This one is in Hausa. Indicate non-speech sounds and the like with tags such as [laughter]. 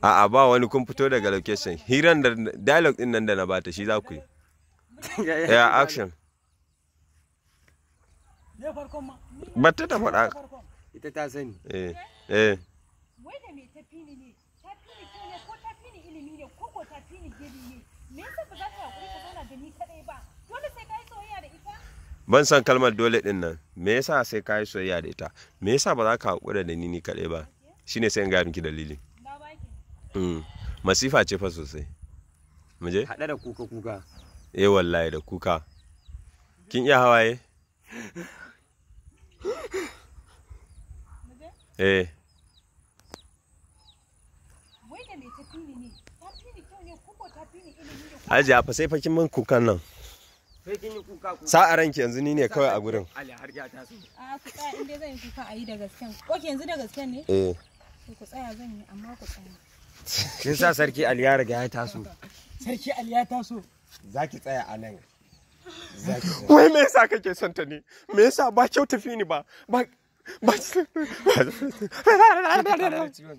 A a ba wani kun fito daga location. Hiran da dialogue din nan da na bata shi za ku yi. Ya action. Bata ta faɗa. Ita ta sani. Eh. Eh. Wai da me tafi ni ne? Tafi ni ne ko tafi ni ilimi ne ko ko tafi ni gidi ne? Me yasa ba za ka hakuri ka zauna da ni kaɗai? ban san kalmar dole din nan me yasa sai ka yi soyayya da ita me yasa ba za ka hakura da ni ni kaɗai ba shine sai in ga miki dalili mm. masifa ce fa sosai mu je da kuka kuka eh wallahi da kuka kin iya hawaye eh Aji, a fa sai fakin min kukan nan. sa'a ranki yanzu ni ne kawai a gurin ali har a ku tsaya inda zan yi kuka a yi da gasken ko yanzu da gasken ne eh ku tsaya zan yi amma ku tsaya [laughs] kin sa sarki ali ya riga ya taso sarki ali ya taso zaki tsaya a nan wai me yasa kake son ta ne me yasa ba kyau tafi ni ba ba ba [laughs] [laughs]